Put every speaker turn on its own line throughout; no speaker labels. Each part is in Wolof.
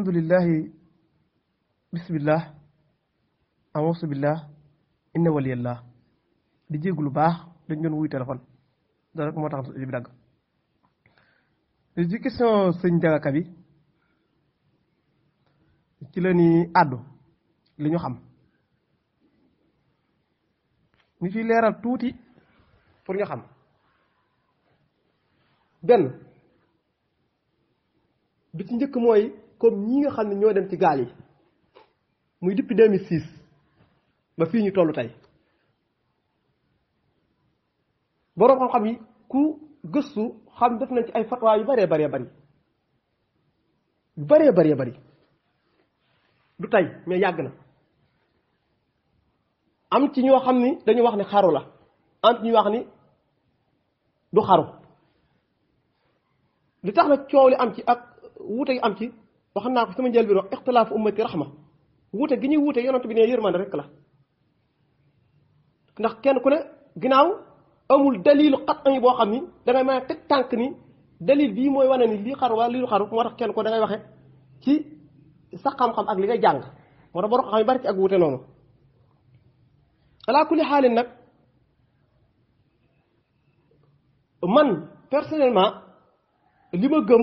alhamdulillahi bismillah awuusu billah inna di jéggu lu baax dañ doon wuy téléphone da rek moo tax bi dagg ci question sëñ jagaka bi ci la ñuy àddu li ñu xam ñu ciy leeral tuuti pour ñu xam benn bi ci njëkk mooy comme ñi ngi xam ne ñoo dem ci gaal yi muy depuis 2006 ba fii ñu toll tey boroom xam-xam yi ku gëstu xam def nañ ci ay fatwa yu bëree bëree bëri yu bëree bëree bëri du tey mais yàgg na am ci ñoo xam ni dañu wax ne xaru la am ci ñu wax ni du xaru li tax na coow li am ci ak wuute yi am ci wax naa ko sama njël bi wax ixtilaafu ummati rahma wuute gi ñuy wuute yonent bi ne yërmande rek la ndax kenn ku ne ginnaaw amul dalilu xat añu boo xam ni dangay mën ni dalil bii mooy wane ni lii xaru wala lii xaru kenn ko dangay waxe ci ak li ngay jàng moo tax borom ak wuute noonu alaa kulli xaalin nag man personnellement li ma gëm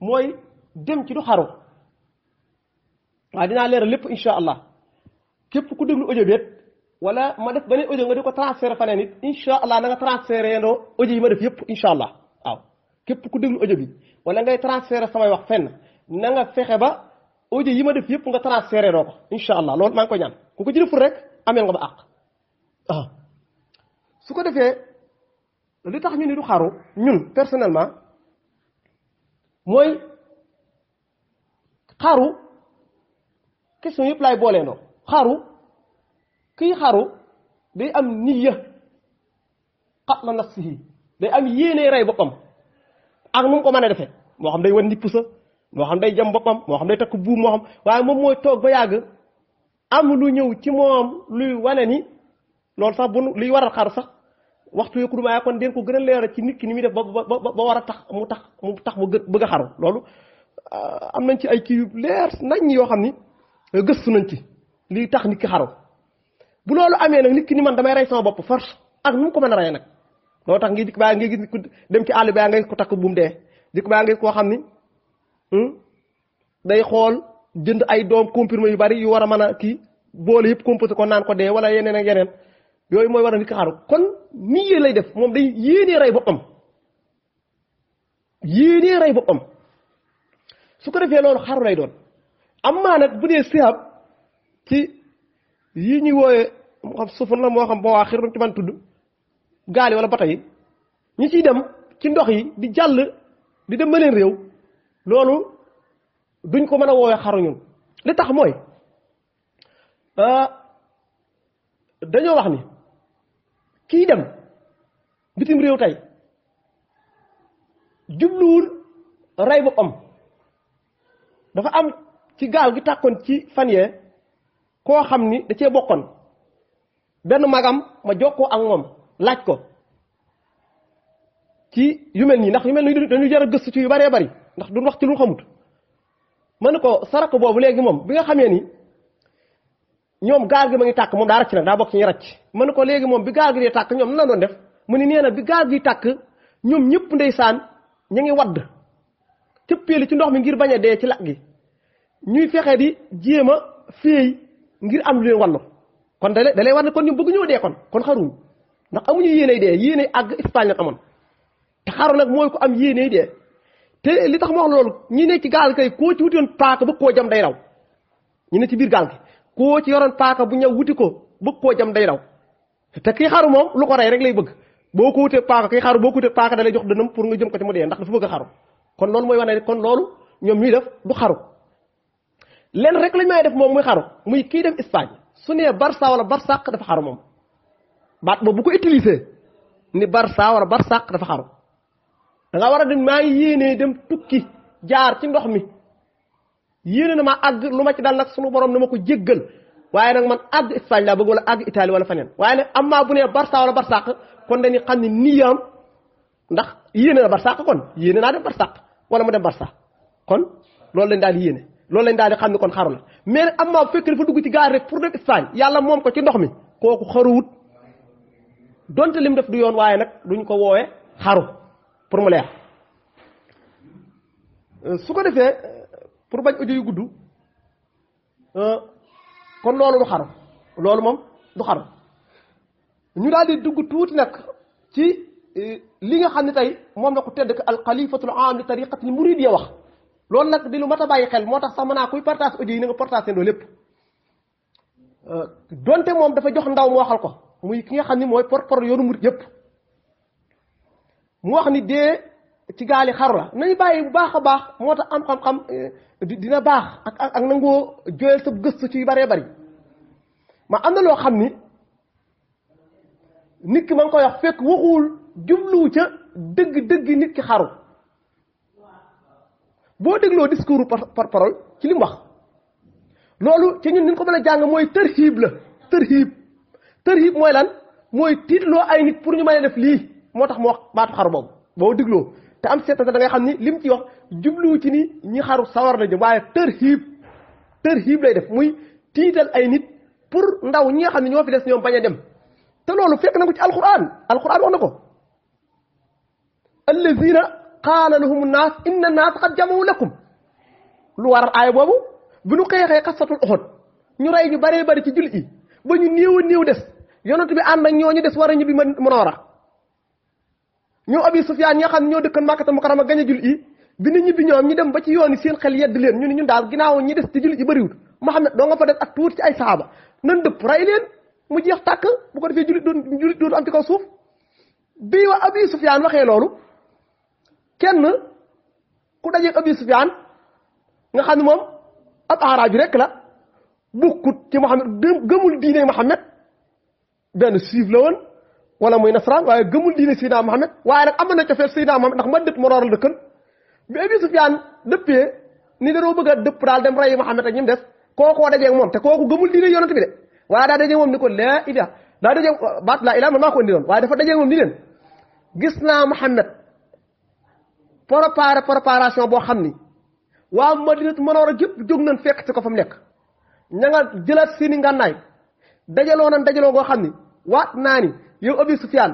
mooy dem ci du xaru waaw dinaa leeral lépp incha allah képp ku deglu audio bi wala ma def beneen audio nga di ko transféré faneen it allah na nga transféré yendoo audio yi ma def yëpp incha allah waaw képp ku déglu audio bi wala ngay transféré samay wax fenn na fexe ba audio yi ma def yëpp nga transféré doo ko incha allah lool maa ngi ko ñaan ku ko ci deful rek nga ba àq waaw su ko defee li tax ñu ni du xaru ñun personnellement xaru question yëpp laay boolee ndoo xaru kiy xaru day am niyya qatla nafsihi day am yéenee rey boppam ak nu mu ko mën a defee moo xam day wan ndipp sa moo xam day jam boppam moo xam day takk buum moo xam waaye moom mooy toog ba yàgg am lu ñëw ci moom luy wane ni loolu sax bu luy waral xaru sax waxtu yooyu kon den ko gën a leeral ci nikki ki ni muy def ba ba ba war a tax mu tax mu tax mu bëgg a xaru loolu Euh, am nañ ci ay kii yu leer nañ yoo xam ni euh, gëstu nañ ci lii tax nit ki xaru bu loolu amee nag nit ni man damay rey sama bopp force ak nu mu ko mën a rey nag loo tax ngi dikk baa ngi gis dem ci àll baa ngay ko takk buum dee dikk baa ngay koo xam ni hmm, day xool jënd ay doom comprimé yu bari yu war a mën a kii boole yëpp composé ko naan ko dee wala yeneen ak yeneen yooyu mooy war a nit ki xaru kon nii lay def moom day yéenee rey boppam yéenee rey boppam su ko defee loolu xaru lay doon amma nag bu dee sihab ci yi ñuy wooye moo xam sufun la moo xam boo waa xirun ci man tudd gaali wala bata yi ñi ciy dem ci ndox yi di jàll di dem maleen réew loolu duñ ko mën a woowe xaru ñun li tax mooy ah, dañoo wax ni kii dem bitim réew tey jubluwul rey boppam dafa am ci gaal gi tàkkoon ci fan yee koo xam ni da cee bokkoon benn magam ma jokkoo ak moom laaj ko ci yu mel nii ndax yu mel nii dañu jar a gëstu ci yu baree bari ndax duñ wax ci lu xamut ma ne ko sarako boobu léegi moom bi nga xamee ni ñoom gaal gi ma ngi tàkk moom daa ràcc nag daa bokk ci ñu ràcc ma ne ko léegi moom bi gaal gi dee tàkk ñoom nan doon def mu ni nee na bi gaal gi tàkk ñoom ñëpp saan ñu ngi wadd cëppeeli ci ndox mi ngir bañ a dee ci làkk gi ñuy fexe di jéem a féey ngir am lu leen wàllu kon da da lay war ne kon ñu bëgg ñoo dee kon kon xaruñ ndax amuñu yéenay dee yéenay ak Espagne la amoon te xaru nag mooy ko am yéenay dee te li tax ma wax loolu ñi ne ci gaal kay koo ci wutoon paaka bëgg koo jam day raw ñu ne ci biir gaal gi koo ci yoroon paaka bu ñëw wuti ko bëgg koo jam day raw te kii xaru moom lu ko rey rek lay bëgg boo ko wutee ndax dafa bëgg kon loolu mooy wane ne kon loolu ñoom ñuy def du xaru lenn rek lañ may def moom muy xaru muy kii def Espagne su nee Barça wala Barsaq dafa xaru moom baat boobu bu ko utilisé ni Barça wala Barsaq dafa xaru da nga war a dem maa ngi yéenee dem tukki jaar ci ndox mi yéene na ma àgg lu ma ci dal nag sunu borom na ma ko jéggal waaye nag man àgg Espagne laa bëgg wala àgg Italie wala feneen waaye nag amaa bu nee Barça wala Barsaq kon dañuy xam ne niyaam ndax yéene na Barsaq kon yéene naa def Barsaq wala mu dem Barça kon loolu lañ daal di yéene loolu lañ daal di xam ne kon xaru la mais amaa bu fekkee dafa dugg ci gaar rek pour dem Espagne yàlla moom ko ci ndox mi kooku xaruwut donte lim def du yoon waaye nag duñ ko woowee xaru pour mu leer euh, su ko defee pour bañ audio yu gudd euh, kon loolu du xaru loolu moom du xaru ñu daal di dugg tuuti nag ci euh, li nga xam ne tey moom la ko tedd ko alxalifatul am li tariqatil muridiyya wax loolu nag di lu mat a bàyyi xel moo tax sax mën naa kuy partage audio yi na nga partage seen lépp euh, donte moom dafa jox ndaw mu waxal ko muy ki nga xam ni mooy porte-parole yoonu murid yëpp mu ni dee ci gaali xaru la nañu bàyyi bu baax a baax moo tax am xam-xam euh, dina baax ak ak nangoo jooyal sa gëstu ci baree bari ma am na loo xam ni nit ki ma ngi koy wax jubluwu ca dëgg-dëgg nit ki xaru boo dégloo discours par parole ci li wax loolu ci ñun ni ko mën a jàng mooy tërhiib la tërhiib tërhiib mooy lan mooy tiitloo ay nit pour ñu mën a def lii moo tax mu wax baatu boobu boo dégloo te am seetante da ngay xam ni li ci wax jubluwu ci ni ñi xaru sawar na jëm waaye tërhiib tërhiib lay def muy tiital ay nit pour ndaw ñi nga xam ne ñoo fi des ñoom bañ a dem te loolu fekk na ko ci alquran alquran wax na ko allazina qaala lahum naas na naas qad jamaw lakum lu waral aaya boobu bi nu xeexee xasatul oxot ñu rey ñu bare bari ci jullit yi ba ñu néew a néew des yonent bi ànd ak ñooñu des war a ñibbi Munoora ñoo Abi Sufyaan ñi nga xam ñoo dëkkan Makkatal Mukarrama a jullit yi bi ñu ñibbi ñoom ñu dem ba ci yoon yi seen xel yedd leen ñu ne ñun daal ginnaaw ñi des ci jullit yi bëriwut Muhammad doo nga fa des ak tuuti ci ay saaba nan dëpp rey leen mu jeex tàkk bu ko defee jullit doon jullit doon am ci kaw suuf bi wa Abi Sufyaan waxee loolu kenn ku dajeeg Abi Sufyaan nga xam ab aaraabi rek la bukkut ci Muhammad gëmul diine Muhammad benn suif la woon wala muy nasaraan waaye gëmul diine Seydina Muhammad waaye nag am na cofeel Seydina Muhammad ndax ma dëpp ma rooral bi Abi Sufyaan dëppee ni danoo bëgg a dëpp daal dem rey Muhammad ak ñi mu des kookoo dajeeg moom te kooku gëmul diine yonent bi de waaye daa dajeeg moom ni ko laa ilaha daa dajeeg baat laa ilaha man maa ko indi doon waaye dafa dajeeg préparé préparation boo xam ni waa Madinatu Munawwara gépp jóg nañ fekk ci ko fa mu nekk ña nga jëlaat seeni ngànnaay dajaloo nañ dajaloo goo xam ni waa naa ni yow Abi Sufyaan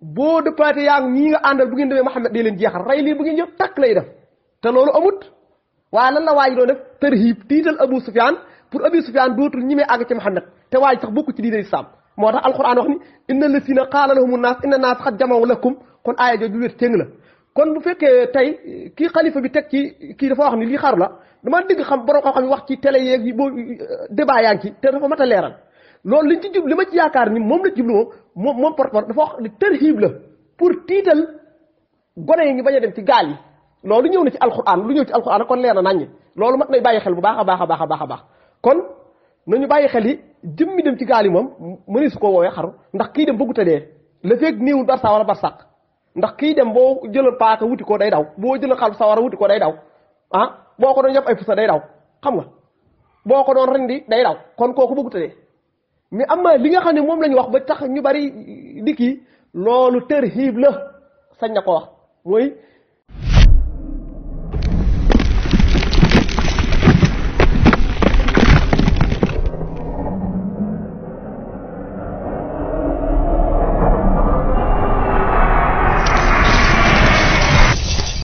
boo dëppaatee yaa ngi ñii nga àndal bu ngeen demee Muhammad day leen jeexal rey lii bu ngeen ñëpp takk lay def te loolu amut waaye lan la waa ji doon def tarhiib tiital Abu Sufyaan pour Abi Sufyaan dootul ñi mee àgg ci Muhammad te waa ji sax bokku ci diine Islaam moo tax alquran wax ni inna lazina qaala lahumu naas inna naas xad jamaw lakum kon aaya jooju la kon bu fekkee tey kii xalifa bi teg ci kii dafa wax ni lii xaru la dama dégg xam borom xam-xam yi wax ci télé yeeg yi boo débat yaa ngi ci te dafa mat a leeral loolu liñ ci li ma ci yaakaar ni moom la jublu moom moom porte-parole dafa wax ni terhib la pour tiital gone yi ñu bañ a ci gaal yi loolu ñëw na ci alxuraan lu ñëw ci alxuraan kon leer na naññ loolu mat nay bàyyi xel bu baax a baax a baax a baax a baax kon nañu bàyyi xel yi jëmmi dem ci gaal yi moom mënees su ko woowee xaru ndax kii dem bëggu ta dee la feeg néewul barsa wala barsàq ndax kii dem boo jëlal paaka wuti ko day daw boo jëlal xal sawara wuti ko day daw ah boo ko doon yëpp ay fusa day daw xam nga boo ko doon rendi day daw kon kooku bëggu tëddee mais am na li nga xam ne moom la ñu wax ba tax ñu bari di kii loolu tër hiib la sañ na ko wax mooy